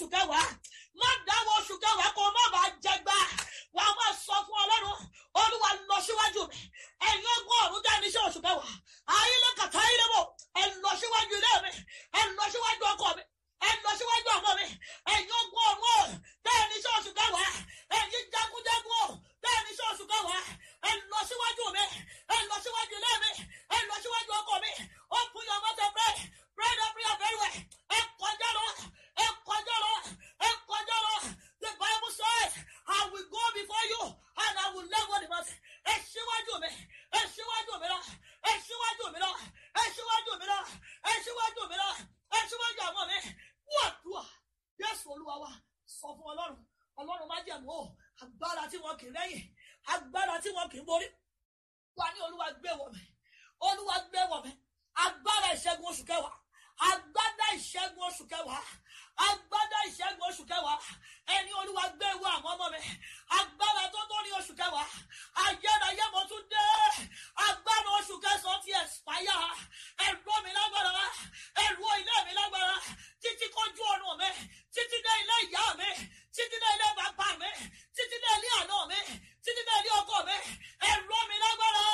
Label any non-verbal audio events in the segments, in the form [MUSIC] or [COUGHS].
oṣù kẹwàá má dáwọ́ oṣù kẹwàá kó má bàa jẹgba wà á máa sọ fún ọlọ́run olúwa lọ síwájú mi ẹ̀yin ọgbọ́n ọ̀run dá níṣẹ́ oṣù kẹwàá ayé lọ́kàtà ayé lọ́bọ̀ ẹ̀ lọ síwájú ilé mi ẹ̀ lọ síwájú ọkọ mi ẹ̀ lọ síwájú ọmọ mi ẹ̀yin ọgbọ́n ọ̀run dá níṣẹ́ oṣù kẹwàá ẹ̀yin jagunjagun dá níṣẹ́ oṣù kẹwàá ẹ̀ lọ síwájú mi ẹ̀ lọ síwájú ilé mi ẹ̀ lọ síwájú ọkọ mi open your mouth and pray pray that prayer very well. ọlọ́run ọlọ́run má jẹ̀mú o agbára tí wọn kì í rẹ́yìn agbára tí wọn kì í borí wà ní olúwa gbé wọ̀ mẹ́ olúwa gbé wọ̀ mẹ́ agbára ìṣẹ́gun oṣù kẹwàá agbádá ìṣẹ́gun oṣù kẹwàá agbádá ìṣẹ́gun oṣù kẹwàá ẹni olúwa gbé ewu àwọn ọmọ mi agbára tó tó ní oṣù kẹwàá ayérayé mo tún dé agbára oṣù kẹsàn-án ti ẹ̀sìpáyà ẹ̀rọ mi lágbára ẹ̀rọ ilé mi lágbára títí kọjú ọ̀run mi títí dé ilé ìyá mi títí náà ilé bàbá mi títí náà ilé àná mi títí náà ilé ọkọ mi ẹ̀rọ mi lágbára.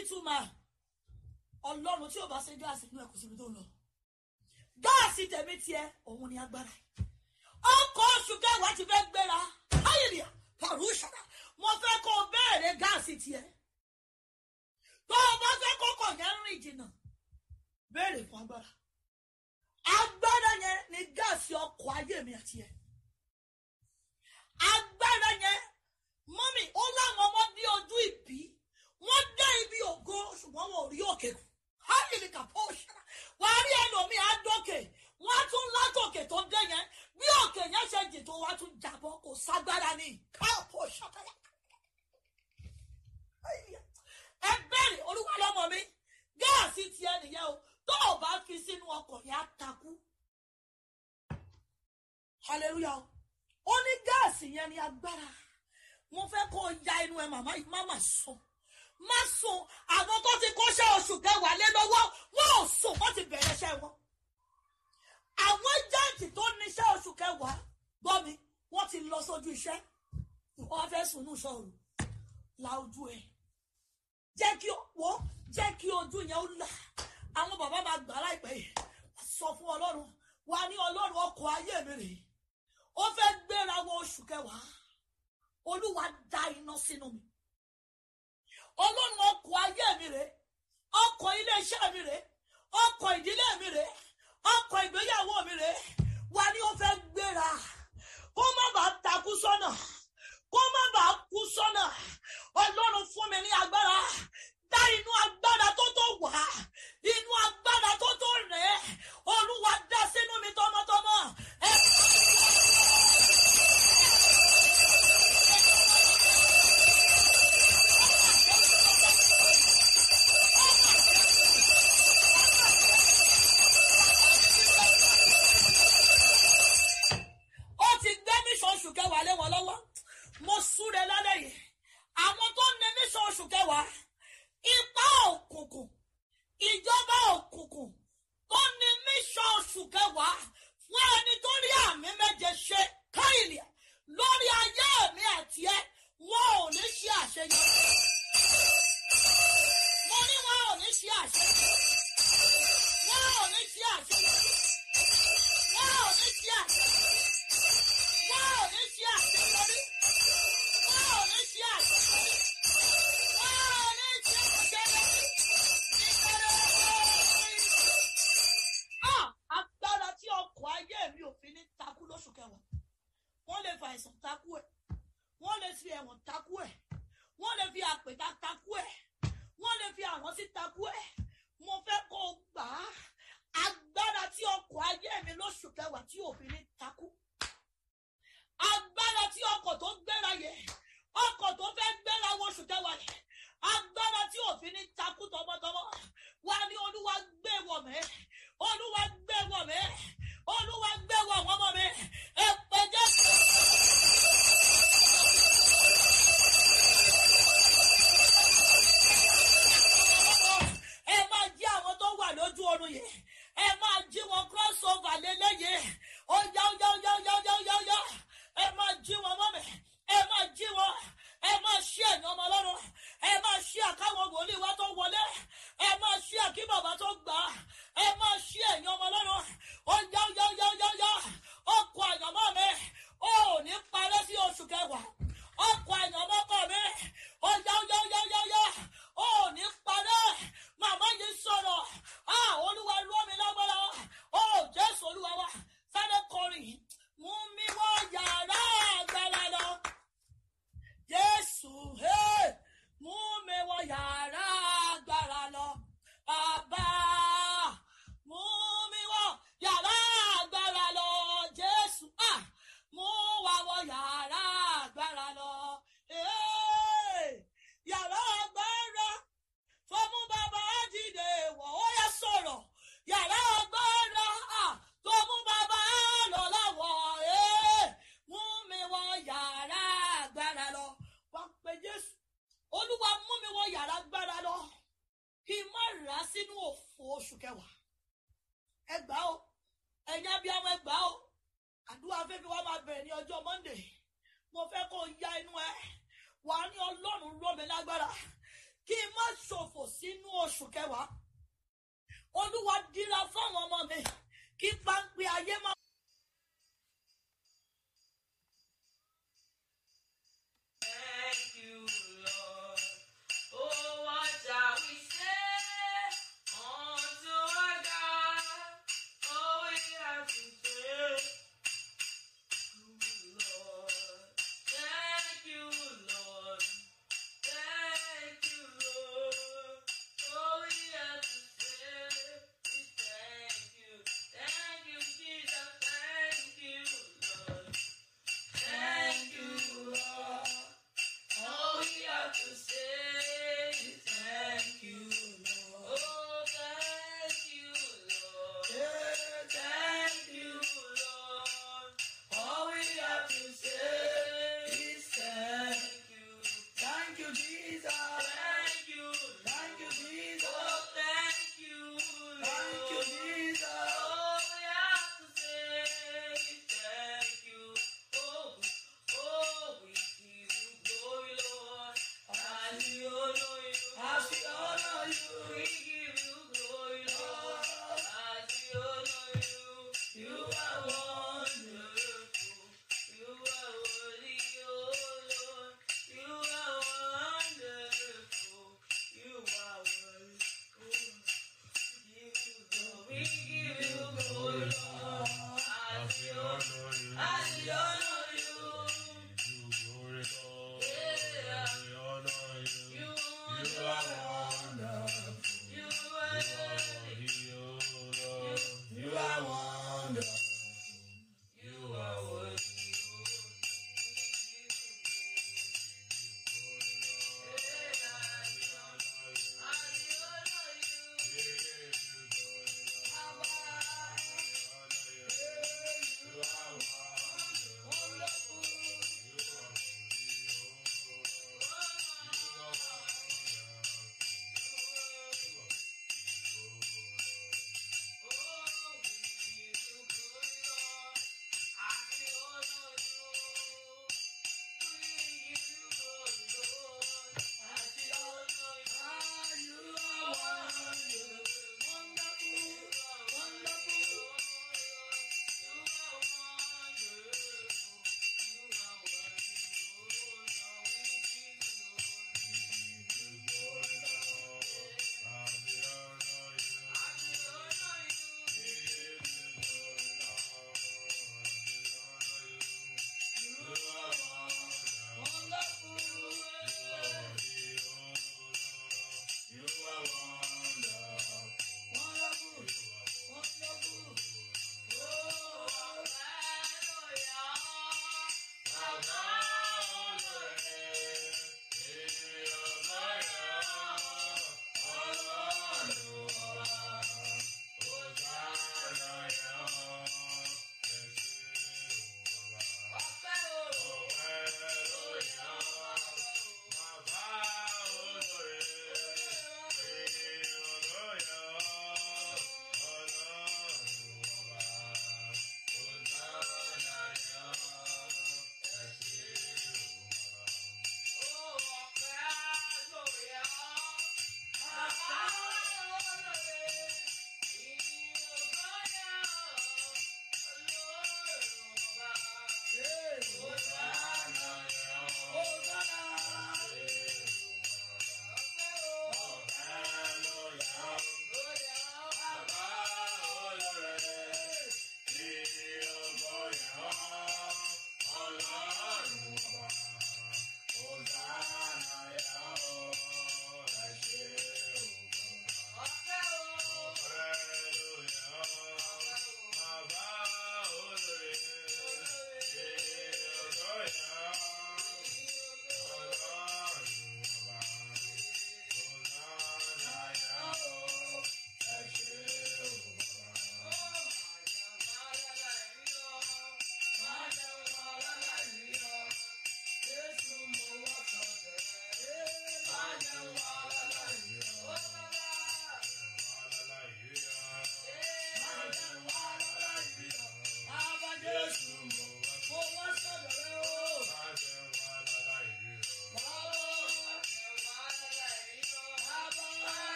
nítumọ̀ ọlọ́run tí ò bá ṣe gáàsì inú ẹ̀ kò síbi tó ń lọ gáàsì tẹ̀mí tiẹ̀ òun ni agbára yìí ọkọ̀ oṣù kẹwàá ti fẹ́ gbéra ayélujá pàrọ̀ṣọ̀rọ̀ mo fẹ́ kó o béèrè gáàsì tiẹ̀ tó o bá fẹ́ kókò yẹn rìn jìnnà béèrè fún agbára agbára yẹn ni gáàsì ọkọ̀ ayé mi àti ẹ̀ agbára yẹn mọ́mì ó láwọn ọmọ ní ojú ìbí wọ́n dé ibi ògo ṣùgbọ́n wọn ò rí òkè kù hali ni kàpọ̀ ṣẹlẹ̀ wàá rí ẹlòmíì àádọ́kè wọ́n á tún látòkè tó dé yẹn bí òkè yẹn ṣe jì tó wàá tún jàbọ̀ kò ságbára ní kàpọ̀ ṣẹlẹ̀ ẹ bẹ̀rẹ̀ olúwa lọ́mọ mi gáàsì tiẹ̀ nìyẹn o tó o bá fi sínú ọkọ̀ yẹn á takú hallelujah ó ní gáàsì yẹn ní agbára mo fẹ́ kó o ya inú ẹ màmá yìí má mà sọ. So má sùn àwọn tó ti kọ́ṣẹ́ oṣù kẹwàá lé lọ́wọ́ wọn ò sùn wọ́n ti bẹ̀rẹ̀ iṣẹ́ wọn. àwọn jáǹtì tó níṣẹ́ oṣù kẹwàá gbọ́ mi wọ́n ti lọ sójú iṣẹ́ wọ́n fẹ́ sùn ní ìṣòro la ojú ẹ̀ jẹ́ kí wọ́n jẹ́ kí ojú yẹn ó là àwọn bàbá máa gbà láìpẹ́ yìí sọ fún ọlọ́run wà ní ọlọ́run ọkọ̀ ayé mi rèé ó fẹ́ gbéra wọ oṣù kẹwàá olúwa dá iná sínú mi ọlọ́run ọkọ̀ ayé mi rè ọkọ̀ iléeṣẹ́ mi rè ọkọ̀ ìdílé mi rè ọkọ̀ ìgbéyàwó mi rè wá ní ó fẹ́ gbéra kó má bàa takú sọ́nà kó má bàa kú sọ́nà ọlọ́run fún mi ní agbára dá inú agbára tó tó wà inú agbára tó tó rẹ̀ olúwa dá sínú mi tọmọtọmọ. oṣù kẹwàá ipa òkùnkùn ìjọba òkùnkùn tó ní mísọ oṣù kẹwàá fún ẹni tó rí àmì méje ṣe káìlì lórí ayé mi àti ẹ wọn ò ní ṣe àṣeyọrí mo ní wọn ò ní ṣe àṣeyọrí. wọ́n lè fa àìsàn takú ẹ̀ wọ́n lè fi ẹ̀wọ̀n takú ẹ̀ wọ́n lè fi àpèta takú ẹ̀ wọ́n lè fi àránsí takú ẹ̀ mo fẹ́ kó o gbà á agbára tí ọkọ̀ ayé mi lóṣù kẹwàá tí òfin ní takú agbára tí ọkọ̀ tó gbéra yẹ ọkọ̀ tó fẹ́ gbéra wọ oṣù kẹwàá yẹ agbára tí òfin ní takú tọmọtọmọ wá ní olúwa gbé wọ̀ mẹ́ olúwa gbé wọ̀ mẹ́ olúwa gbẹ̀wò àwọn ọmọ mi ẹ pẹ́ jẹ́.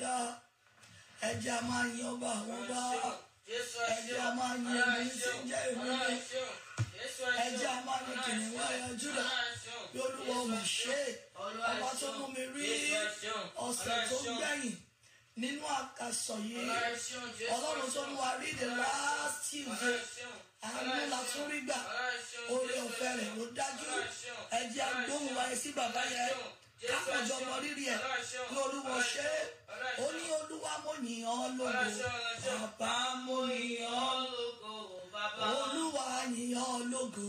dáadáa ẹjẹ́ a máa yan ọba àwọn ọba ẹjẹ́ a máa yan ẹni tí ń ìlú rẹ ẹjẹ́ a máa ní kìnìún ẹ̀yà júdà bí olúwa ọmọ ṣe ọba tó mú mi rí ọ̀sẹ̀ tó gbẹ̀yìn nínú àkàsọ̀ yìí ọlọ́run tó mú wa rí the last tuesday àánú la tún rí gbà. sí bàbá yẹn kápẹjọ mọ rírì ẹ lórúkọ ṣe ó ní olúwa mo yìn ọ́ lógo bàbá mo yìn lógo olúwa yìn lógo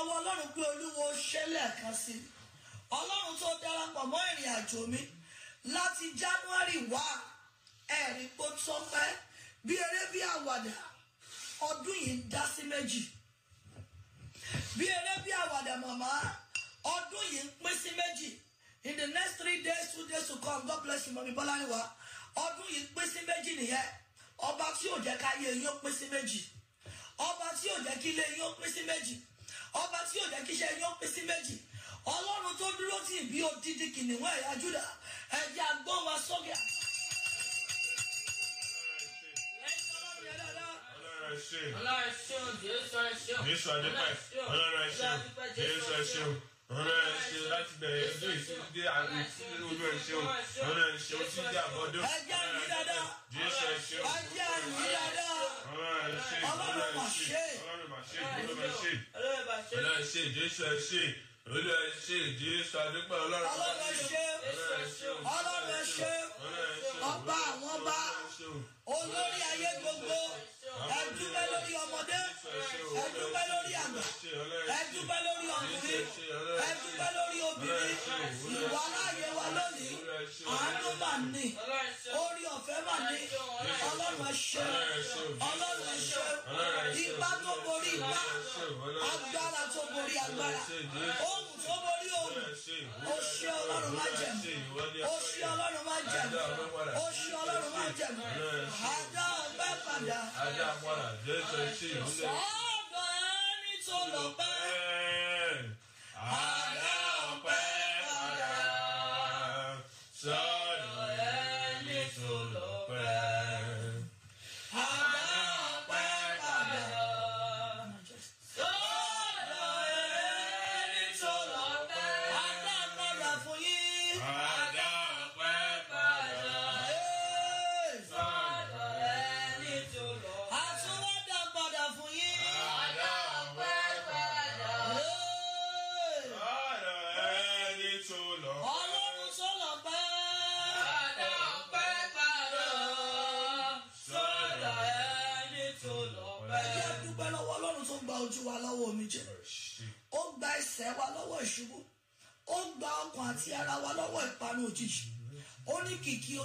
ọwọ́ ọlọ́run pé olúwo ṣẹlẹ̀ kan sí i ọlọ́run tó darapọ̀ mọ́ ìrìn àjò mi láti january wá ẹ̀rí pé tó pẹ́ bí eré bí àwàdà ọdún yìí ń dá sí méjì bí eré bí àwàdà màmá ọdún yìí ń pín sí méjì in the next three days two days to come god bless you mọ̀mí bọ́lá níwá ọdún yìí pín sí méjì nìyẹn ọba tí ò jẹ́ ká yé yín ó pín sí méjì ọba tí ò jẹ́ kí ilé yín ó pín sí méjì ọba tí yóò jẹ́ kí iṣẹ́ yín ó pín sí méjì ọlọ́run tó dúró tì bí odidi kìnìún ẹ̀yà júdà ẹ̀jẹ̀ àgbọ̀n wa sókè. Jésù adúpẹ́ Ọlọ́run ẹ ṣé Jésù ẹ ṣé ọ̀nà ẹ̀ṣẹ̀ láti bẹ̀rẹ̀ ọdún ìsúndé àìsílẹ̀ olú ẹ̀ṣẹ̀ o ọ̀nà ẹ̀ṣẹ̀ òsíndé àbọ̀dún ẹ̀jẹ̀ mi dáadáa jésù ẹ̀ṣẹ̀ ẹ̀jẹ̀ mi dáadáa ọ̀nà ẹ̀ṣẹ̀ ọlọ́run màṣẹ ọlọ́run màṣẹ ọlọ́run ẹ̀ṣẹ̀ jésù ẹ̀ṣẹ̀ olú ẹ̀ṣẹ̀ jésù adúpẹ́ ọlọ́run ọlọ́run ẹ̀ṣẹ̀ ọlọ́run ẹ̀ṣẹ̀ ọba àwọn ọba olórí ayé gbogbo ẹ dúpẹ́ lórí ọmọdé ẹ dúpẹ́ lórí àgbà ẹ dúpẹ́ lórí ọkùnrin ẹ dúpẹ́ lórí obìnrin ìwà láàyè wa lónìí àánú mà ní orí ọ̀fẹ́ mà ní ọlọ́run ẹṣẹ ọlọ́run ẹṣẹ ipá tó borí ipá agbára tó borí agbára ohun tó borí ohun oṣù ọlọ́run má jẹ̀mú oṣù ọlọ́run má jẹ̀mú oṣù ọlọ́run má jẹ̀mú ajá padà jésù ṣì ń lé. ọ̀dọ̀ ẹni tó lọ bẹ́ẹ̀.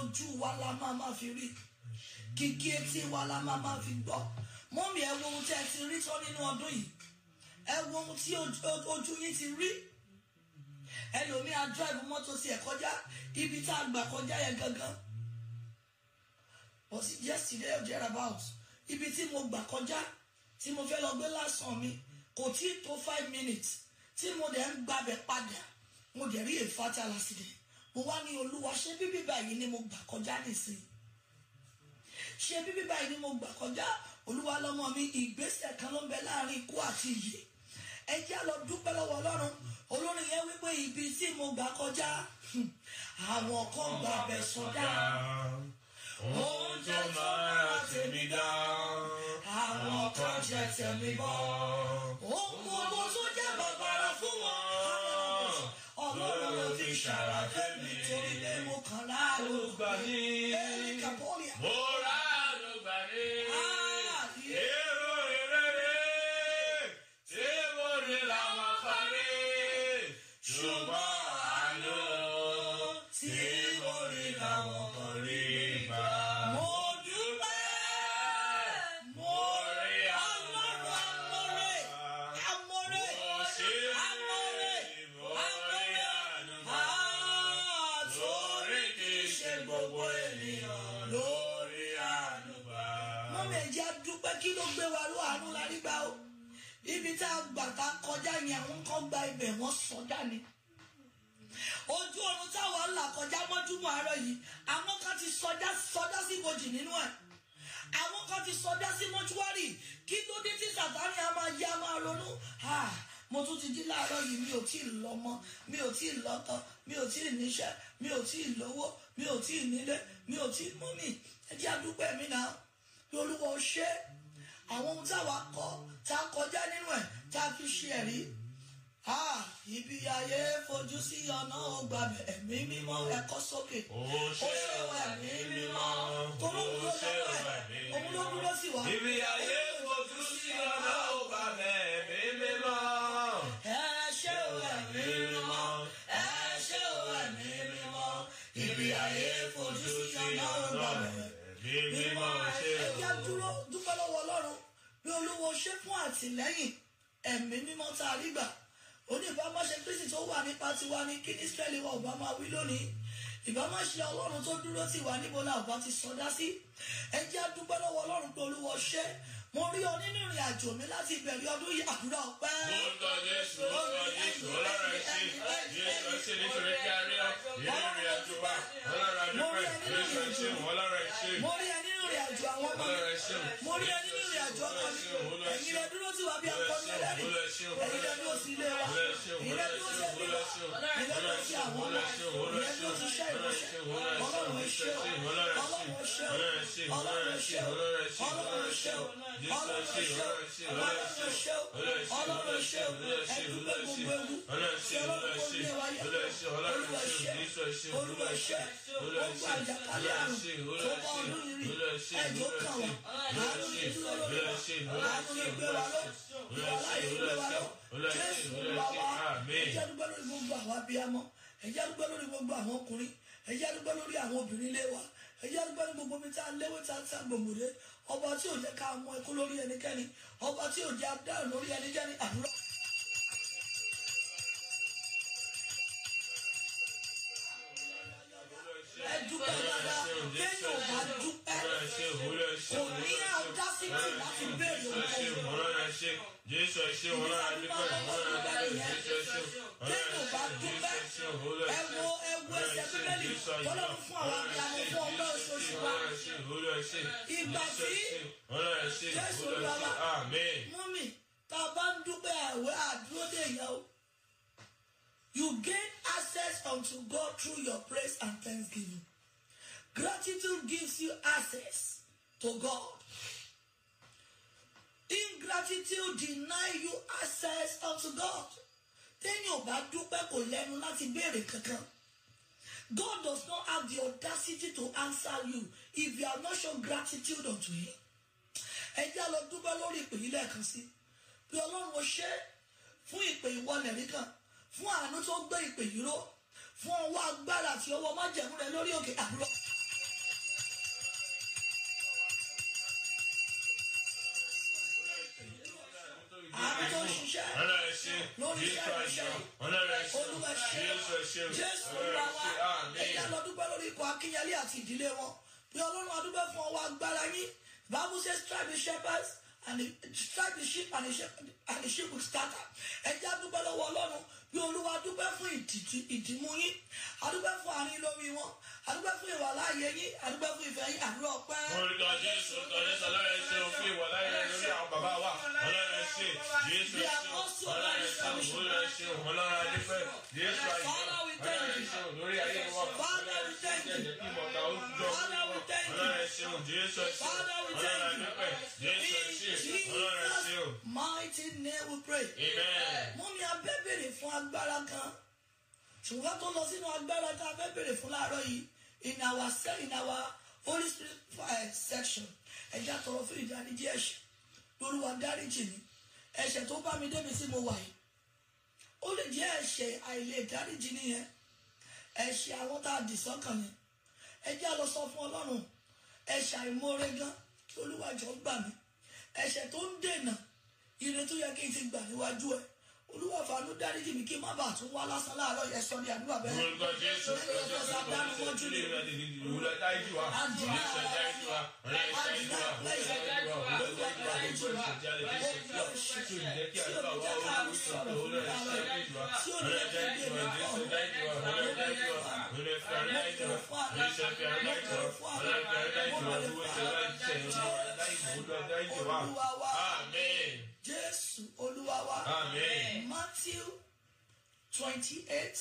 ojú wa la máa máa fi rí kìkì etí wa la máa máa fi gbọ́ mọ́mí ẹ wo ohun tí ẹ ti rí tán nínú ọdún yìí ẹ wo ohun tí ojú yín ti rí ẹlòmí á drive mọ́tò sí ẹ̀ kọjá ibi tá a gbà kọjá yẹn gangan but yesterday or thereabout ibi tí mo gbà kọjá tí mo fẹ́ lọ gbé lásán mi kò tí tó five minutes tí mo dẹ̀ ń gbabẹ̀ padà mo dẹ̀ rí a fatal mo wá ní olúwa ṣé bíbí báyìí ni mo gbà kọjá nìsín ṣé bíbí báyìí ni mo gbà kọjá olúwa lọ́mọ mi ìgbésẹ̀ kan ló ń bẹ láàrin ikú àti ìyè ẹ jẹ́ lọ dúpẹ́ lọ́wọ́ ọlọ́run olórin yẹn wípé ibi tí mo gbà kọjá àwọn kan gbà bẹ̀ sọdá òun jẹ́ tó máa tèmi dá àwọn kan jẹ́ tèmi bọ́ òun kò tó jẹ́ bàbàrà fún wọn ọlọ́run ló fi ṣàràkẹ́. torí ọkọ mi ò tí ì níṣẹ́ mi ò tí ì lówó mi ò tí ì nílé mi ò tí ì mú mi ẹjẹ́ àdúgbò mi náà lórúkọ ṣé àwọn ohun táwa kọ tá a kọjá nínú ẹ̀ tá a fi ṣe ẹ̀rí ibi ayé fojú sí ọ̀nà ògbà ẹ̀mí mímọ́ ẹ̀kọ́ sókè ó ṣe fún àtìlẹ́yìn ẹ̀mí mímọ́ tá a rí gbà ó ní ìbámu ṣe kristi tó wà nípa tiwa ní kí ní Ísírẹ́lì wa ò bá máa wí lónìí ìbámu ṣe ọlọ́run tó dúró tì wá níbo la ò bá ti sọdá sí ẹ jẹ́ a dúpẹ́ lọ́wọ́ ọlọ́run pé olúwa ṣe mo rí ọ nínú ìrìn àjò mi láti ìbẹ̀rẹ̀ ọdún yìí àdúrà ọpẹ́. mo ń tọ́ Jésù ó sọ Jésù ọlọ́run ẹ̀ sí Jésù ṣe nítorí kí a rí ọ nínú ìrìn àjò wa ọlọ́run àdúpẹ́ Jésù ṣe ọlọ́run ẹ̀ ṣe. àjò àwọn ọmọ mi mo rí ẹ nínú ìrìn ọmọ mi ẹ̀yin lẹ dúró sí wa bí akọni ẹlẹ́rìí ẹ̀yin lẹ dúró sí ilé wa ìrẹ dúró sí ẹbí wa ìrẹ dúró sí àwọn ọmọ ìrẹ dúró sí iṣẹ́ ìrọṣẹ Ọlọ́run iṣẹ́ Ọlọ́run iṣẹ́ Ọlọ́run iṣẹ́ Ọlọ́run iṣẹ́ Ọlọ́run iṣẹ́ Ọlọ́run iṣẹ́ Ọlọ́run ẹdúgbò gbogbo ewu ṣe Ọlọ́run kò ní ẹwà yẹ olùwà iṣẹ́ olùwà iṣẹ́ gbogbo àjàkálẹ̀ àrùn gbogbo ọdún yìí ló kàn wá àánú ní dúró lórí wa àánú ní gbé wa lọ ìwà láyé gbé wa lọ jésù wá wá ẹjẹ dúpẹ́ lórí gbogbo àwọn abiyamọ ẹjẹ dúpẹ́ lórí gbogbo àwọn ọkùnrin ẹjẹ dúpẹ́ lórí àwọn obìnrin ilé wa ẹjẹ dúpẹ́ lórí gbogbo mi tá a léwé tá a ta gbòmùdé ọba tí ò jẹ́ ká mọ ẹkú lórí ẹnikẹ́ni ọba tí ò jẹ́ adáhùn lórí ẹnikẹ́ni àdúrà. ẹ dúpẹ́ dáadáa kéèyàn ò bá dúpẹ́ kò ní àwùdásítì láti béèrè òkèèyàn. Jésù ẹṣẹ́ wọn lára dúpẹ́ wọn lára dúpẹ́ Jésù ẹṣẹ́ wọn lára dúpẹ́ Jésù ẹṣẹ́ wọn lára dúpẹ́ bíbélì tọ́lọ́ fún àwọn àmì àmì fún ọgbẹ́ oṣooṣù wa. Ìgbà tí Jésù lọ́wọ́ mú mi tá a bá ń dúpẹ́ àwẹ̀ àdúró dè yẹn You gain access unto God through your praise and thanksgiving. Gratitude gives you access to God. Ingratitude deny you access unto God. God does not have the audacity to answer you if you are not show gratitude unto him. Ẹ jẹ́ lọ dúpẹ́ lórí ìpè yìí lẹ́ẹ̀kan sí. Bí Ọlọ́run ṣe fún ìpè ìwọlẹ̀ rí kan fún àánú tó ń gbé ìpè yìí ró fún ọwọ́ agbára àti ọwọ́ májẹ̀mú rẹ lórí òkè àbúrò. àánú tó ń ṣiṣẹ́ lórí iṣẹ́ ìṣẹ́ olúwa ṣe jésù olúwa wa ẹ̀yà lọ dúpẹ́ lórí ikọ̀ akínyẹlé àti ìdílé wọn bí ọlọ́run adúpẹ́ fún ọwọ́ agbára yín bible says tribe shepherds and he strike the ship, and the ship and the ship will scatter ẹjẹ adúpẹ́ lọ́wọ́ ọlọ́run bí olúwa adúpẹ́ fún ìdìmú yín adúpẹ́ fún àárín lórí wọn adúpẹ́ fún ìwà láàyè yín adúpẹ́ fún ìfẹ́ yín àdúrà ọpẹ́. olùkọ́ jésù olùkọ́ jésù ọlọ́run ẹ ṣeun fún ìwà lórí àwọn bàbá wa ọlọ́run ẹ ṣe jésù ẹ ṣeun ọlọ́run ẹ ṣeun ọlọ́run ẹ ṣeun ọlọ́run ẹ ṣeun jésù ẹ ṣeun lórí ayé wọn. Jesus, Jesus, ẹ ṣeun ọlọ́run àdúpẹ́ jésù mighty name we pray. amen. mú mi abẹ́bẹ̀rẹ̀ fún agbára kan ṣùgbọ́n tó lọ sínú agbára tá a fẹ́ bèrè fún láàárọ̀ in our cell in our holy spirit fire eh, section ẹ̀já tọrọ fún ìdáríjì ẹ̀ṣẹ̀ lóríwá dáríjì mi ẹ̀ṣẹ̀ tó bá mi débi tí mo wà yìí ó lè jẹ́ ẹ̀ṣẹ̀ àìlè dáríjì nìyẹn ẹ̀ṣẹ̀ àwọn tá a dì sọ́kàn yẹn ẹ̀já lọ sọ fún ọlọ́run ẹ̀ṣẹ̀ àìmọ́re gan kí olúwàjọ́ gbà mí ẹ̀ṣẹ̀ tó ń dènà ire tó yẹ kí n ti gbà níwájú ẹ̀ olúwa fàánú mi kí n má bàa tún wá lásán láàárọ̀ yẹn sọ ní àdúrà bẹ́ẹ̀. olùkọ́ jésù jésù sátánù mọ́jú ni wúlọ dájú wa àdìmá dájú wa àdìmá dájú wa olùkọ́ dáríjì wa olùkọ́ ṣètò ìdẹ́kí àdúrà wa olùkọ́ sọ̀rọ̀ olùkọ́ dáríjì wa olùkọ́ dáríjì wa olùkọ́ dáríjì wa olùkọ́ dáríjì wa olúwa wa jésù olúwa matthew twenty-eight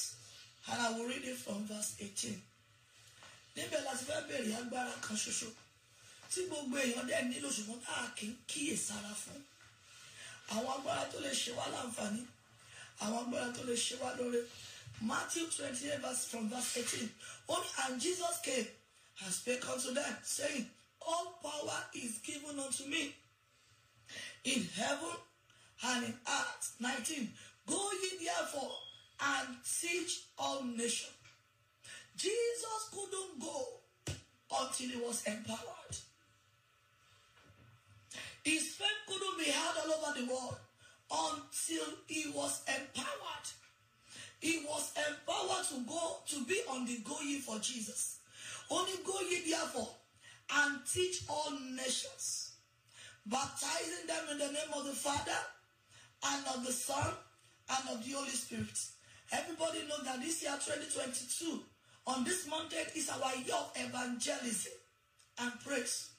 and i will read it from verse eighteen níbẹ̀ la ti fẹ́ bèrè agbára kan ṣoṣo tí gbogbo èèyàn dẹ̀ nílò ṣùgbọ́n tá a kì í kíyè sára fún àwọn agbára tó lè ṣe wá láǹfààní àwọn agbára tó lè ṣe wá lóore. Matthew 28, verse from verse 18. Only and Jesus came and spake unto them, saying, All power is given unto me in heaven and in earth. 19. Go ye therefore and teach all nations. Jesus couldn't go until he was empowered. His faith couldn't be heard all over the world until he was empowered. He was empowered to go to be on the go ye for Jesus. Only go ye therefore and teach all nations, baptizing them in the name of the Father and of the Son and of the Holy Spirit. Everybody know that this year 2022, on this mountain, is our year of evangelism and praise.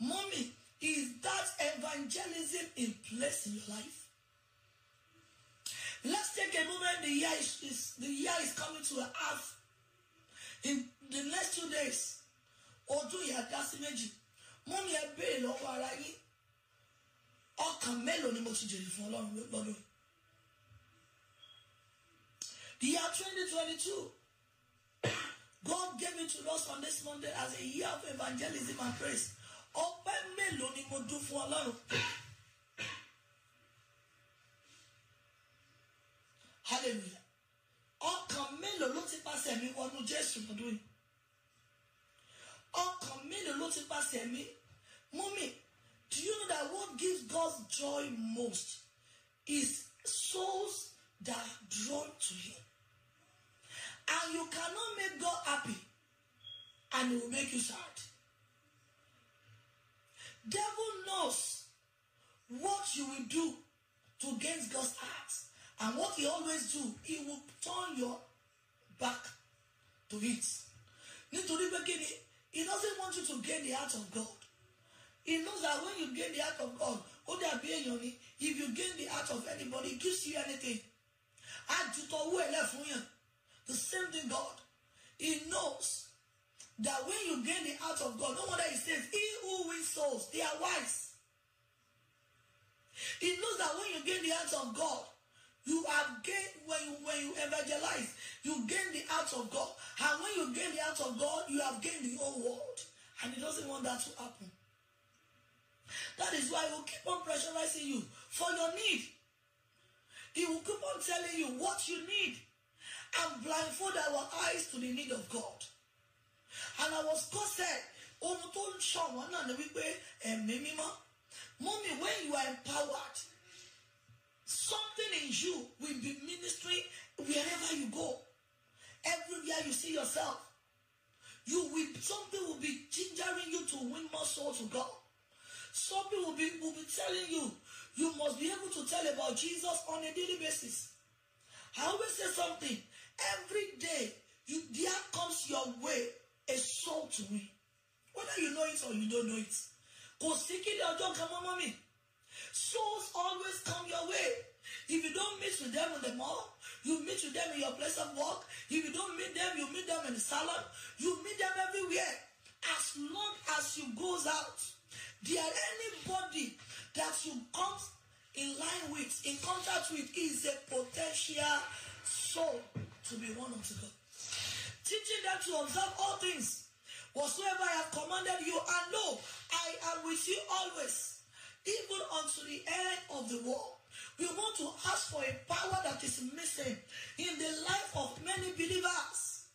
Mommy, is that evangelism in place in your life? Let's take a moment. The year is, is the year is coming to a half. In the next two days, ọdún yìí àdásí méjì mú mi ẹ béèrè lọ́wọ́ ara yín ọkàn mélòó ni mo ti jèrè fún long. The year 2022, [COUGHS] God gave it to us on this Monday as a year of evangelism and praise. Ọpẹ́ mélòó ni mo dún fún Pastor me, Mommy, do you know that what gives God's joy most is souls that are drawn to Him? And you cannot make God happy and it will make you sad. Devil knows what you will do to gain God's heart. And what he always do, he will turn your back to it. Nítorí pé kí ni he doesn't want you to gain the heart of God. He knows that when you gain the heart of God, it. if you gain the heart of anybody, it gives you anything. The same thing, God. He knows that when you gain the heart of God, no wonder he says, He who wins souls, they are wise. He knows that when you gain the heart of God, you have gained when you when you evangelize, you gain the heart of God. And when you gain the heart of God, you have gained the whole world. And he doesn't want that to happen. That is why he will keep on pressurizing you for your need. He will keep on telling you what you need and blindfold our eyes to the need of God. And I was cursed. ohun Mommy, when you are empowered, Something in you will be ministry wherever you go. Everywhere you see yourself, you will something will be gingering you to win more souls to God. Something will be will be telling you you must be able to tell about Jesus on a daily basis. I always say something. Every day, you there comes your way a soul to win. Whether you know it or you don't know it. Kò sí it, don't come on, mommy. Souls always come your way. If you don't meet with them in the mall, you meet with them in your place of work. If you don't meet them, you meet them in the salon. You meet them everywhere. As long as you goes out, there anybody that you come in line with, in contact with, is a potential soul to be one unto God. Teaching them to observe all things whatsoever I have commanded you, and know I am with you always even unto the end of the world. We want to ask for a power that is missing in the life of many believers.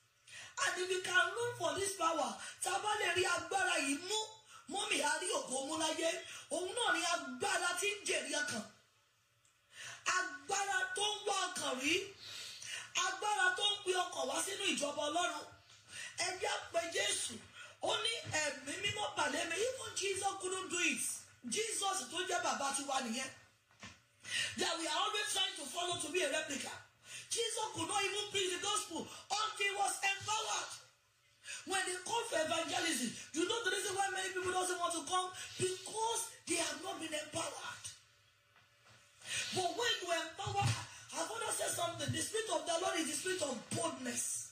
And if we can run for this power, tá a bá lè rí agbára yìí mú, mọ́mí a rí ògo mú láyé, òun náà ni agbára tí ń jèrè ọkàn. Agbára tó ń wá ọkàn rí, agbára tó ń pe ọkàn wá sínú ìjọba Ọlọ́run. Ẹ jẹ́ Jésù, ó ní ẹ̀mí mímọ́ pàdé mi, even Jesus couldn't do it. Jesus you about you one here that we are always trying to follow to be a replica Jesus could not even preach the gospel until he was empowered when they come for evangelism you know the reason why many people does not want to come because they have not been empowered but when you empower I want to say something the spirit of the Lord is the spirit of boldness.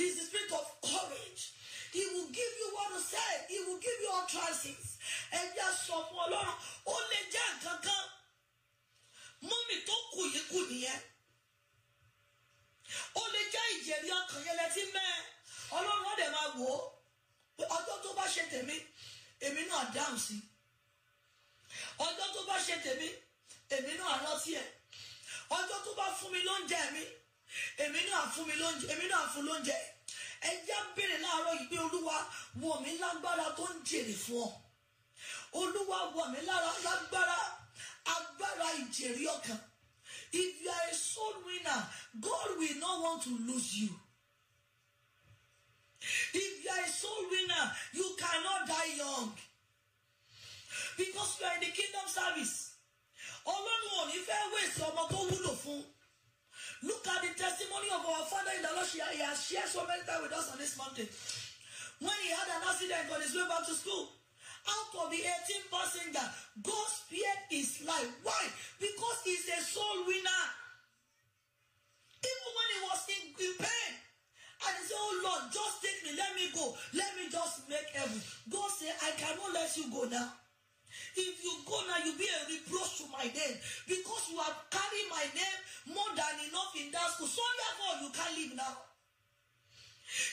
It's the spirit of courage. He will give you what to say. He will give you utterances. Ẹja sọ fún ọlọ́run, ó lè jẹ́ nǹkan kan. Mọ́mì tó kù yìí kù nìyẹn. Ó lè jẹ́ ìjẹ̀bi ọkàn yẹn lẹ́tí mẹ́ẹ̀. Ọlọ́run ó dẹ̀ máa wò ó. Ọjọ́ tó bá ṣe tèmi, èmi náà dáhùn sí. Ọjọ́ tó bá ṣe tèmi, èmi náà rántí ẹ̀. Ọjọ́ tó bá fún mi lóúnjẹ mi, èmi náà fún mi lóúnjẹ, èmi náà fún lóúnjẹ láàárọ̀ yìí pé olúwa wọ̀ mí lágbára tó ń jèrè fún ọ olúwa wọ̀ mí lára lágbára agbára ìjèrè ọkàn if you are a soul winner God will not want to lose you. If you are a soul winner, you cannot die young. Because you are in the kingdom service. Ọlọ́run ò ní fẹ́ wèsì ọmọ tó wúlò fún un. Look at the testimony of our father in the Lord. He has shared so many times with us on this mountain. When he had an accident on his way back to school, out of the 18 passengers, God spared his life. Why? Because he's a soul winner. Even when he was in, in pain, and he said, Oh Lord, just take me, let me go, let me just make heaven. God said, I cannot let you go now. If you go now, you'll be a reproach to my name because you have carried my name more than enough in that school. So therefore, you can't leave now.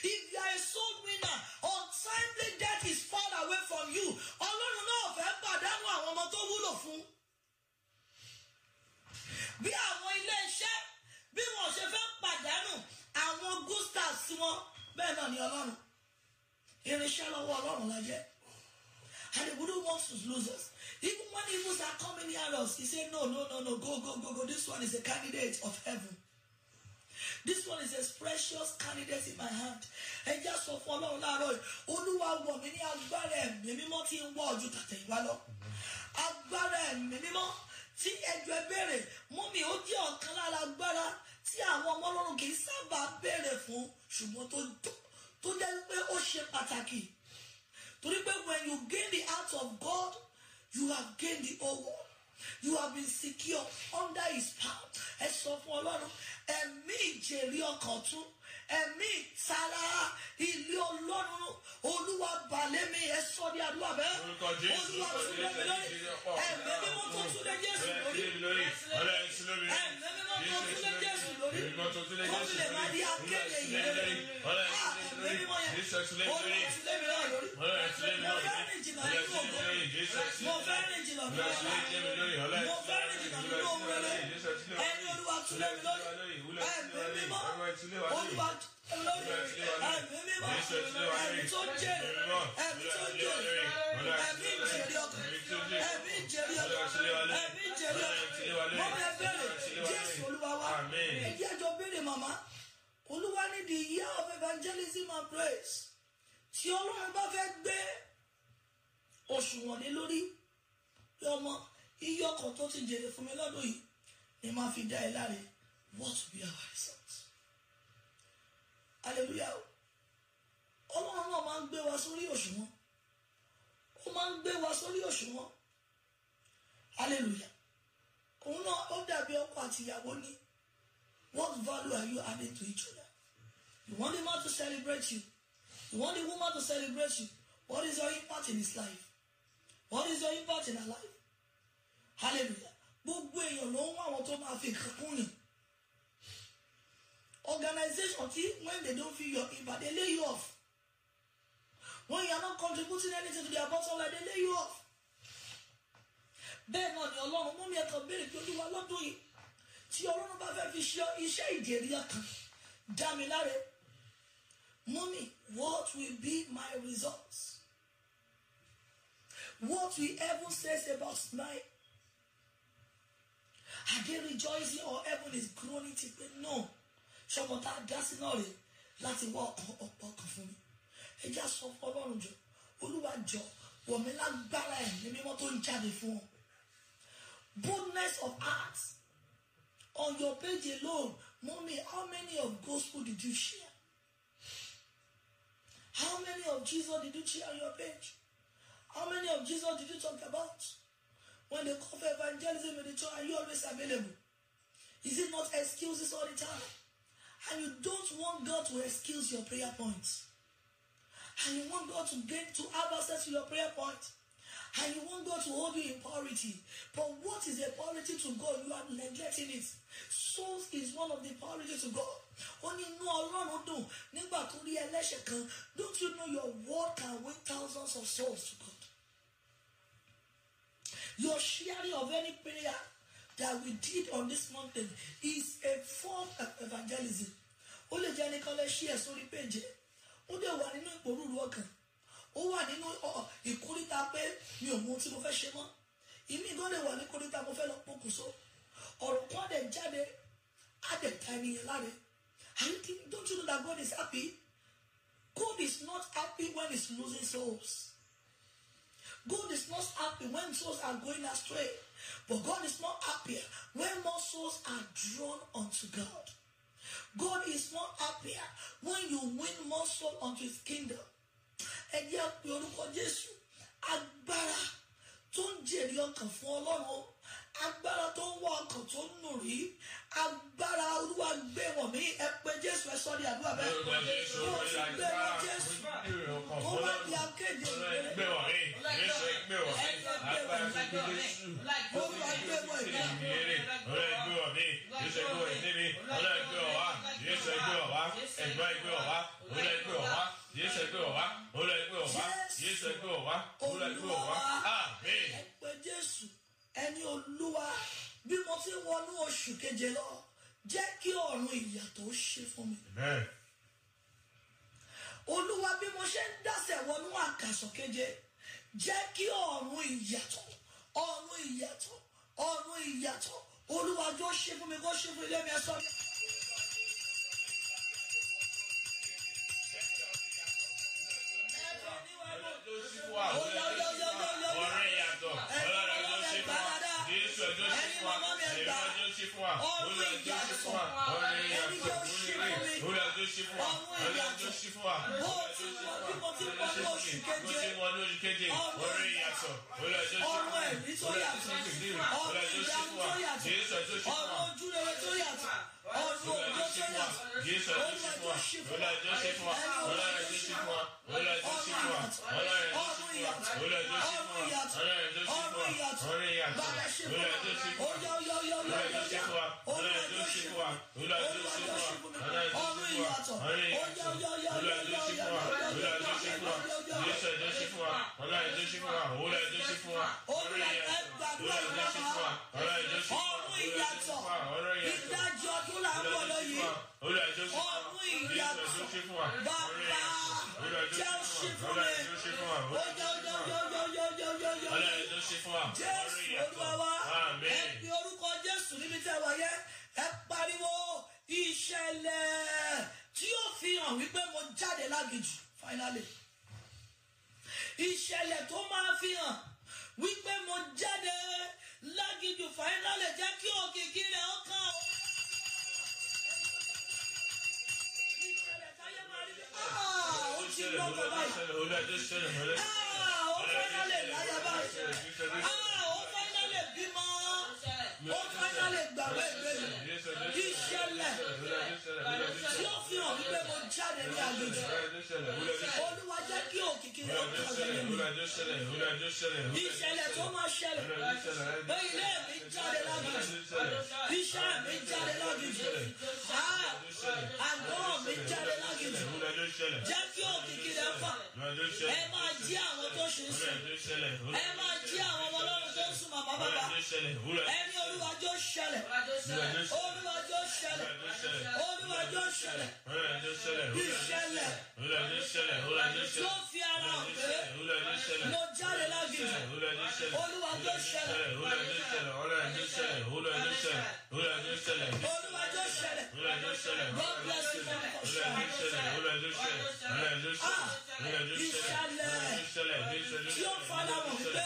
If you are a soul winner, untimely death is far away from you. Ọlọ́run náà fẹ́ pàdánù àwọn ọmọ tó wúlò fún. Bí àwọn ilé iṣẹ́ bí wọ́n ṣe fẹ́ pàdánù àwọn gustas wọn bẹ́ẹ̀ náà ni Ọlọ́run. Irinṣẹ́ lọ́wọ́ Ọlọ́run la jẹ́ and the wouldn't wants to lose us. Even when evils are coming near us, he said, No, no, no, no, go, go, go, go. This one is a candidate of heaven. This one is a precious candidate in my hand. And just for follow that láàárọ̀ yìí, Olúwa wọ̀ mí ní agbára ẹ̀mí mímọ́ tí ń wọ̀ ojú tàtẹ̀yìnwá lọ. Agbára ẹ̀mí mímọ́ tí ẹjọ́ ẹ béèrè mú mi ó jẹ́ ọ̀kan lára agbára tí àwọn ọmọ Ọlọ́run kì í sábà béèrè fún ṣùgbọ́n tó jẹ́ pé ó ṣe pàtàkì. torí when you gain the heart of God you have gained the whole world you have been secure under his power And sọ fún ọlọ́run ẹ̀mí ìjèrè and me, ẹ̀mí ìtara ilé ọlọ́run olúwa balẹ̀mí ẹ sọ ní àdúrà bẹ́ẹ̀ olúwa ba lé jésù lórí ẹ̀mí mímọ́ abe. lórí ó sì lè má di akéde yìí lórí ẹ̀mí mímọ́ yẹn olúwa sì lé mi náà lórí mo fẹ́ rìn jìnnà nínú ògo mo fẹ́ rìn jìnnà nínú ọlá mo fẹ́ rìn jìnnà nínú òun rere ẹni olúwa tún lé mi lórí ẹ̀mí mímọ́ olúwa lórí ẹ̀mí mímọ́ ẹ̀mí tó jèrè ẹ̀mí tó jèrè ẹ̀mí ìjèrè ọkàn ẹ̀mí ìjèrè ọkàn ẹ̀mí ìjèrè ọkàn mo fẹ́ bẹ̀rẹ̀ jésù wa ẹ jẹ́ àjọ béèrè màmá olúwa ní the year of evangelism and praise tí ọlọ́run bá fẹ́ gbé òṣùwọ̀n lé lórí pé ọmọ iye ọkọ̀ tó ti jèrè fún mi lọ́dún yìí ni màá fi dá ẹ láre what will be our result hallelujah ọlọ́run náà máa ń gbé wa sórí òṣùwọ̀n ó máa ń gbé wa sórí òṣùwọ̀n hallelujah òun náà ó dàbí ọkọ àti ìyàwó ni What value are you adding to each other? You want the man to celebrate you. You want the woman to celebrate you. What is your impact in his life? What is your impact in her life? Hallelujah. Gbogbo èèyàn ló ń wá àwọn tó máa fi nǹkan kún yàn. Organization ti when they don't feel your impact they lay you off. When you are not contributing anything to their bottom line they lay you off. Bẹ́ẹ̀ náà ni Ọlọ́run mú mi ẹ̀kan béèrè pé Olúwa lọ́dún yìí tí ọlọ́run bá fẹ́ fi ṣe iṣẹ́ ìjèrìyà kan dá mi láre mummy what will be my results what will heaven say about mine are they rejoicing or heaven is groaning ti pé no ṣọmọ tá náà rè láti wá ọkàn ọ̀pọ̀ ọkàn fún mi ẹ já sọ fún ọlọ́run jọ olúwa jọ wọ̀mí lágbára ẹ̀ ní mímọ́ tó ń jáde fún ọ boldness of heart On your page alone, mommy, how many of gospel did you share? How many of Jesus did you share on your page? How many of Jesus did you talk about? When they call for evangelism in the church, are you always available? Is it not excuses all the time? And you don't want God to excuse your prayer points. And you want God to gain to have access to your prayer points. and you want God to hold you in purity. But what is a purity to God? You are neglecting it. Souls is one of the purity to God. Only know Allah ọlọ́run dùn nígbà tó don't you know your word can win thousands of souls to God. Your sharing of any prayer that we did on this mountain is a form of evangelism. ó lè share ẹnìkan lẹ́ ṣí ẹ̀ sórí péjì boru lè ó wà nínú ìkórìtà pé mi ò mọ ohun tí mo fẹ́ ṣe mọ́ ìmí gan lè wà ní kórìtà mo fẹ́ lọ pokùnso ọ̀rọ̀ kan dẹ̀ jáde á dẹ̀ ta ènìyàn láre and don't you know that God is happy God is not happy when he's losing souls God is not happy when souls are going astray but God is more happier when more souls are drawn unto God. God is more happier when you win more souls unto his kingdom. ẹ jẹ́ pe orúkọ Jésù agbára tó ń jèrè ọkàn fún Ọlọ́run agbára tó ń wá ọkàn tó ń nù rí agbára olúwa gbé wọn mí ẹ pé Jésù ẹ sọ ní àdúrà bẹ́ẹ̀ mo ti gbé wọn Jésù tó bá di akéde ìgbé wọn ẹ gbé wọn ẹ gbé wọn olúwa gbé wọn ìgbé ọlọ́ọ̀ gbé wọn mí Jésù gbé wọn ìdí mi gbé wọn wá Jésù gbé wọn wá ẹ̀gbọ́n gbé wọn wá ọlọ́ọ̀ gbé wọn wá. Jésù ẹgbẹ́ ọ̀wá olú ẹgbẹ́ ọ̀wá Jésù ẹgbẹ́ ọ̀wá olú ẹgbẹ́ ọ̀wá àmín. Jésù ẹni Olúwa bí mo ti wọnú oṣù keje lọ jẹ́ kí ọ̀run ìyàtọ̀ ṣe fún mi. Olúwa bí mo ṣe ń dásẹ̀ wọnú àkàsọ̀ keje jẹ́ kí ọ̀run ìyàtọ̀ ọ̀run ìyàtọ̀ ọ̀run ìyàtọ̀ Olúwa jọ ṣe fún mi kó ṣe fún ilé mi ẹ sọ́dọ̀. wà ọ̀rẹ́ yàtọ̀ ọlọ́run yàtọ̀ ọlọ́run ẹjọ́ ṣe yàtọ̀ ọlọ́run ẹjọ́ tó yàtọ̀ olùwàjọ ṣe fún wa olùwàjọ ṣe fún wa olùwàjọ ṣe fún wa olùwàjọ ṣe fún wa olùwàjọ ṣe fún wa ọdún ìyàtọ̀ ọdún ìyàtọ̀ ọdún ìyàtọ̀ ọdún ìyàtọ̀ bàbá ṣe fún wa ọjọ́ ọjọ́ ọjọ́ olùwàjọ ṣe fún wa olùwàjọ ṣe fún wa olùwàjọ ṣe fún wa ọdún ìyàtọ̀ ọjọ́ ọjọ́ ọjọ́ olùwàjọ ṣe fún wa olùwàjọ ṣe fún wa olùwàjọ ṣe fún wa olùwàjọ ṣe fún wa olùwàjọ ṣe fún wa olùwàjọ ṣe fún wa olùwàjọ ṣe fún wa. jésù olúwa wa ẹ pe orúkọ jésù níbi tí a wà yẹ ẹ pariwo ìṣẹ̀lẹ̀ tí ó fi hàn wípé mo jáde lágìjù finally ìṣẹ̀lẹ̀ tó máa fi hàn wípé mo jáde lágìjù finally jẹ́ kí òkìkí rẹ̀ ó kàn ó. ìṣẹ̀lẹ̀ táyé máa rí bí ah, ó ti lọ́kọ̀ọ́ báyìí ó fẹ́nálẹ̀ bímọ ó fẹ́nálẹ̀ gbàgbé ìbéèrè ìṣẹ̀lẹ̀ tí ó fi hàn wípé mo jáde ní àlejò olúwa. Yok ikide yok kazanamıyor. Bir sene toma şer. Beyler icarela gücü. Hişam icarela gücü. Ha. Adam icarela gücü. Jẹ́ kí òkìkí rẹ̀ fà. Ẹ máa jí àwọn tó ṣe é sùn. Ẹ máa jí àwọn ọmọ ọlọ́run tó ń sùn màmá bàbá. Ẹni olúwàjọ́ ṣẹlẹ̀. Olúwàjọ́ ṣẹlẹ̀. Olúwàjọ́ ṣẹlẹ̀. Ìṣẹlẹ̀. Ìṣẹlẹ̀. Tó fi ara hàn pé mo jáde lágbègbè olúwa tó ṣẹlẹ̀ olúwa tó ṣẹlẹ̀ God bless you for the ṣẹlẹ̀ ah ìṣẹ̀lẹ̀ tí ó fara hàn pé.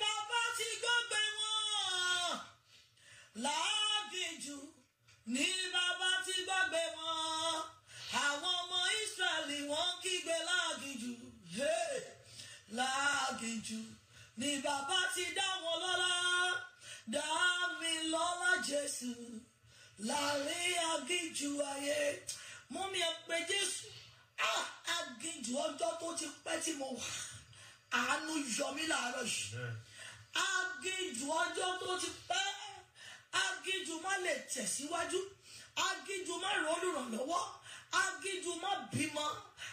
láginjù ni bàbá ti dá wọn lọ́lá dá mi lọ́lá jésù láàrin aginjù ayé mú mi pe jésù ah, aginjù ọjọ́ tó ti pẹ́ tí mo wà àánú yọ mí láàárọ̀ yìí aginjù ọjọ́ tó ti pẹ́ aginjù má lè tẹ̀síwájú aginjù má rọ́ọ̀lù rànlọ́wọ́ aginjù má bímọ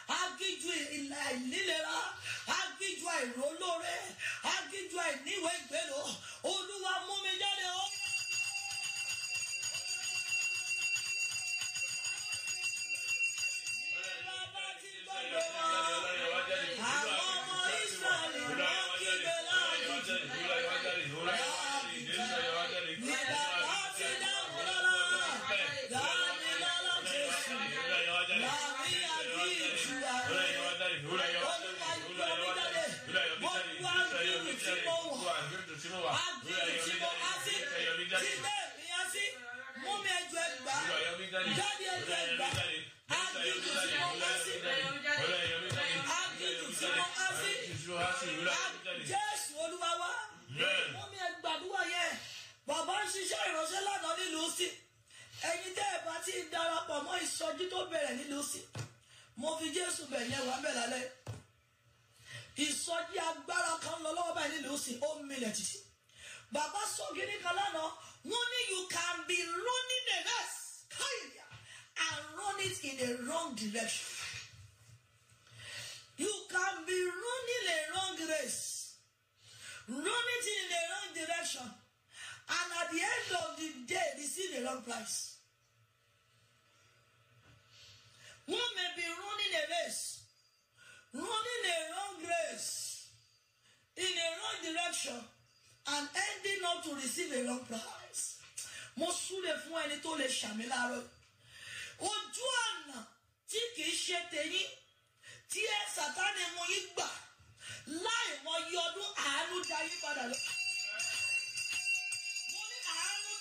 agíjú àìlélera agíjú àìrólóore agíjú àìníwèé ìgbélò olúwa mú mi jáde ó. Bàbá ti gbọ́dọ̀ wá. bàbá ń ṣiṣẹ́ ìránṣẹ́ lánàá nílùú sí ẹ̀yin tẹ́ ẹ bá ti darapọ̀ mọ́ ìsọjí tó bẹ̀rẹ̀ nílùú sí mo fi jésù bẹ̀yẹn wà mẹ́la lẹ́ ìsọjí agbára kan lọ lọ́wọ́ báyìí nílùú sí ó milẹ̀ títí bàbá sọ́gi nìkan lánàá wọ́n ní you can be running the race káyìlá and run it in the wrong direction you can be running the wrong race run it in the wrong direction. And at the end of the day, receive the wrong price. One may be running a race, running a wrong race, in a wrong direction, and ending up to receive a wrong price. Mo súre fún ẹni tó lè ṣàmì láàárọ̀. Ojú àná tí kìí ṣe tẹ̀yìn tí ẹ Sátánì mú yín gbà láì mọ iye ọdún àánú darí padà lọ.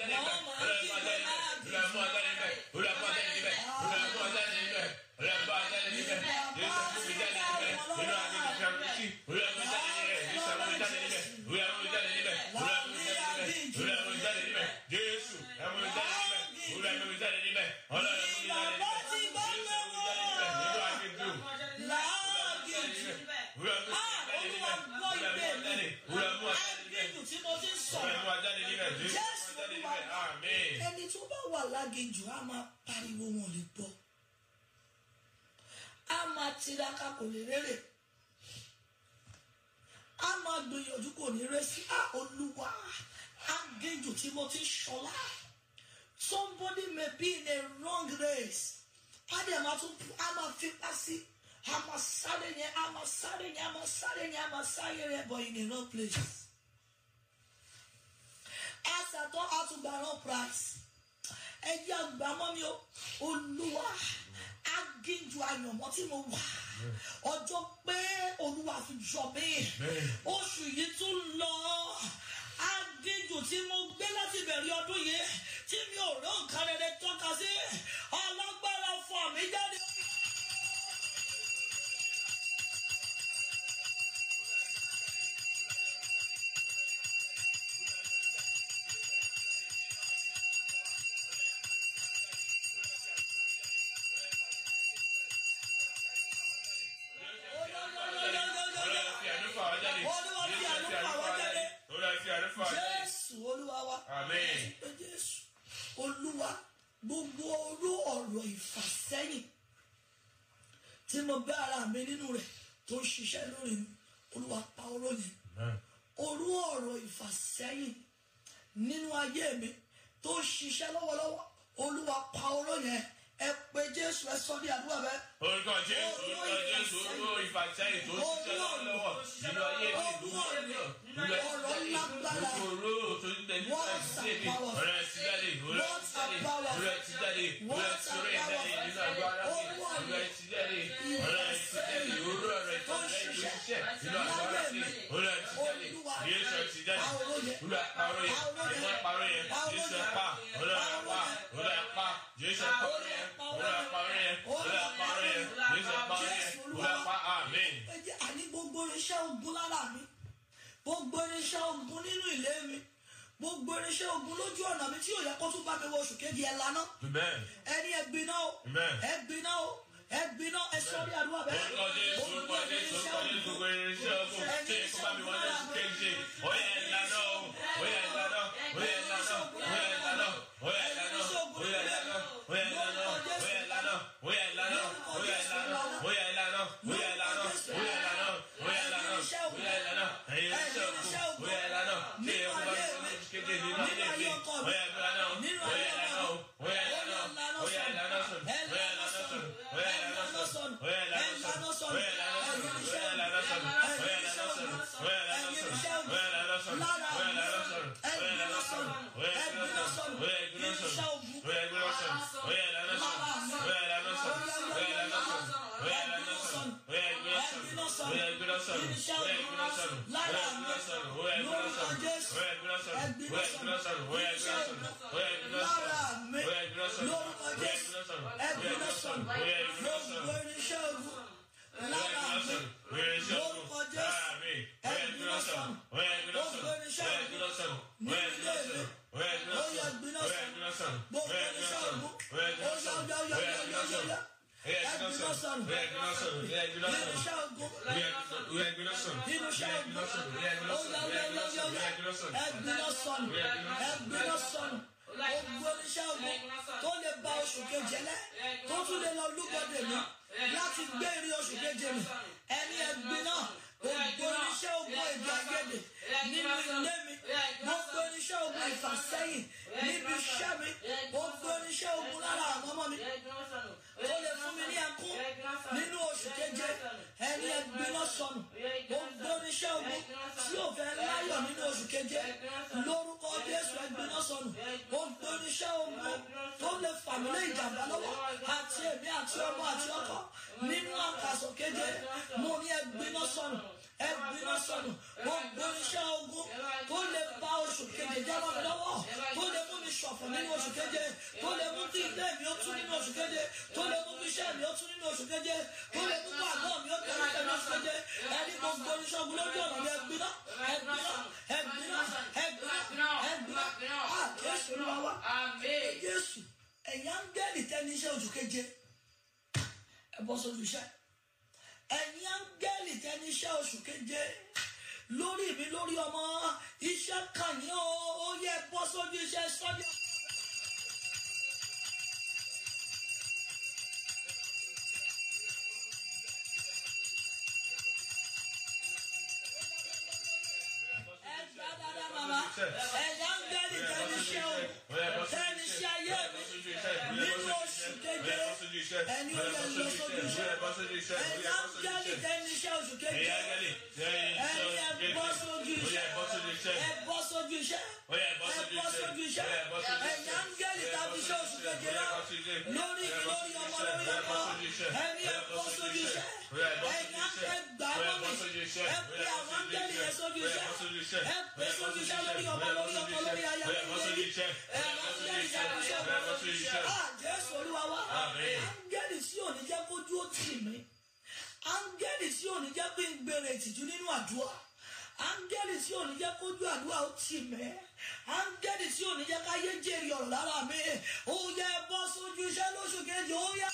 Mama, a máa pariwo wọn lè gbọ́ a máa tiraka kò lè rérè a máa gbìyànjú kò ní rẹ́sí a olúwa agéjù tí mo ti ṣọlá somebody may be in a wrong race a dẹ̀ tún a máa fipá sí a sáré yẹn a sáré yẹn a sáré yẹn a sáré yẹn but in a wrong place. As I don't price ẹ yí àgbà mọ́ mi o olúwa agíjù àyànmọ́ tí mo wà ọjọ́ pé olúwa fi jọ mí oṣù yìí tún lọ agíjù tí mo gbé láti bẹ̀rẹ̀ ọdún yìí tí mi ò rán nǹkan rere sí ọlọ́gbára fún àmì jáde. iṣẹ́ lórí mi olúwa pa oró yẹn orú ọ̀rọ̀ ìfàsẹ́yìn nínú ayé mi tó ṣiṣẹ́ lọ́wọ́lọ́wọ́ olúwa pa oró yẹn ẹ pé jésù ẹ sọ ní àdúrà bẹ. orúkọ jésù orúkọ jésù orúkọ ìfàsẹ́yìn tó ṣiṣẹ́ lọ́wọ́lọ́wọ́ nínú ayé mi tó ṣiṣẹ́ lọ́wọ́ ọ̀rọ̀ lágbára wọ́n sàpàwọ̀ wọ́n sàpàwọ̀ wọ́n sàpàwọ̀ Jésù ti jáde olúwa parọ́ yẹn olúwa parọ́ yẹn Jésù pa olúwa pa olúwa pa Jésù parọ́ yẹn olúwa parọ́ yẹn olúwa parọ́ yẹn Jésù parọ́ yẹn olúwa pa amen. àní gbogbo irinṣẹ́ ogun lára mi gbogbo irinṣẹ́ ogun nínú ilé mi gbogbo irinṣẹ́ ogun lójú ọ̀nà mi tí yóò yẹ kó tún bá mi wọ oṣù kejì ẹ̀ lánàá ẹni ẹ̀ gbiná o ẹ̀ gbiná o ẹ gbiná ẹ sọ bí àdúrà bẹ́ẹ̀. orúkọ jésù orúkọ jésù orúkọ jésù gbogbo irinṣẹ́ ogun ṣé kó bá mi wọ́n jésù kéje ó yẹ ẹ̀ ladọ́ ó yẹ ẹ̀ ladọ́. Hasan. Yok böyle şahı. Ölen Ahmet. Yok kodes. Her bin Hasan. Yok böyle şahı. Nilüdevri. Oyad bin Hasan. Bok böyle şahı. Oyad ya ya ya ya ya ya. Regülasyon, regülasyon, regülasyon. Regülasyon, regülasyon, regülasyon. Regülasyon, regülasyon, regülasyon. gbogbo oníṣẹ́ ọmọ tó lè ba oṣù kejì ẹlẹ́ tó tún lè lọ lúgọ́dẹ̀ mi láti gbé irin oṣù kejì mi ẹni ẹgbẹ́ náà gbogbo oníṣẹ́ ogun èdè àgẹ́dẹ̀ nínú ilé mi gbogbo oníṣẹ́ ogun ìfàsẹ́yìn níbi iṣẹ́ mi gbogbo oníṣẹ́ ogun lára àwọn ọmọ mi ó lè fún mi ní ẹkún nínú oṣù keje ẹni ẹgbẹ́ná sọnù ó gbóníṣẹ́ ogun tí ò fẹ́ láyọ̀ nínú oṣù keje lórúkọ Jésù ẹgbẹ́ná sọnù ó gbóníṣẹ́ ogun tó lè fàmílẹ̀ ìjàmbá lọ́wọ́ àti èmi àti ọmọ àti ọkọ nínú àkàsọ̀ keje mo ní ẹgbẹ́ná sọnù ẹ gbiná sọnù gbogbo iṣẹ́ ogun tó lè bá oṣù keje jábọ̀ lọ́wọ́ tó lè mú mi ṣọ̀fọ̀ nínú oṣù keje tó lè mú kí ilé mi ó tún nínú oṣù keje tó lè mú kí iṣẹ́ mi ó tún nínú oṣù keje tó lè mú pàgọ́ mi ó tẹ̀lé tẹ̀lé oṣù keje ẹni gbogbo iṣẹ́ ogun lójú ọ̀nà mi ẹ gbiná ẹ gbiná ẹ gbiná ẹ gbiná ẹ gbiná a ah, Jésù lọ wá Jésù ẹ̀yà ń gẹ́rì tẹ́ni iṣẹ́ oṣù keje ẹ bọ́ sójú iṣẹ́ ẹ̀yin áńgẹ́lì tẹni iṣẹ́ oṣù keje lórí mi lórí ọmọ iṣẹ́ kàní o ó yẹ bọ́ sójú iṣẹ́ sọ́jà. ẹ gbá dáadáa màmá. angele ẹni ẹ bọ́ sójú iṣẹ́ ẹ bọ́ sójú iṣẹ́ ẹ bọ́ sójú iṣẹ́ ẹ bọ́ sójú iṣẹ́ ẹ̀yà angele tàbí iṣẹ́ oṣù kékeré lórí lórí ọmọ lórí ọmọ ẹni ẹ bọ́ sójú iṣẹ́ ẹ̀yà ẹ gbà mọ́ mi ẹ pé àwọn angele yẹn sójú iṣẹ́ ẹ pé sójú iṣẹ́ lórí ọmọ lórí ọmọ lórí ayé lórí ẹ bọ́ sójú iṣẹ́ ẹ bọ́ sójú iṣẹ́ à Jésù Olúwa wa angele sí òní jẹ́ kójú ó tì mí áńgẹ́lì tí ò ní jẹ́ pé ń gbèrè ìtìjú nínú àdúrà áńgẹ́lì tí ò ní jẹ́ kójú àdúrà ó tì mẹ́ áńgẹ́lì tí ò ní jẹ́ káyé jèrè ọ̀rọ̀ lára mi ó yẹ bọ́ sójú iṣẹ́ lóṣù kejì ó yẹ.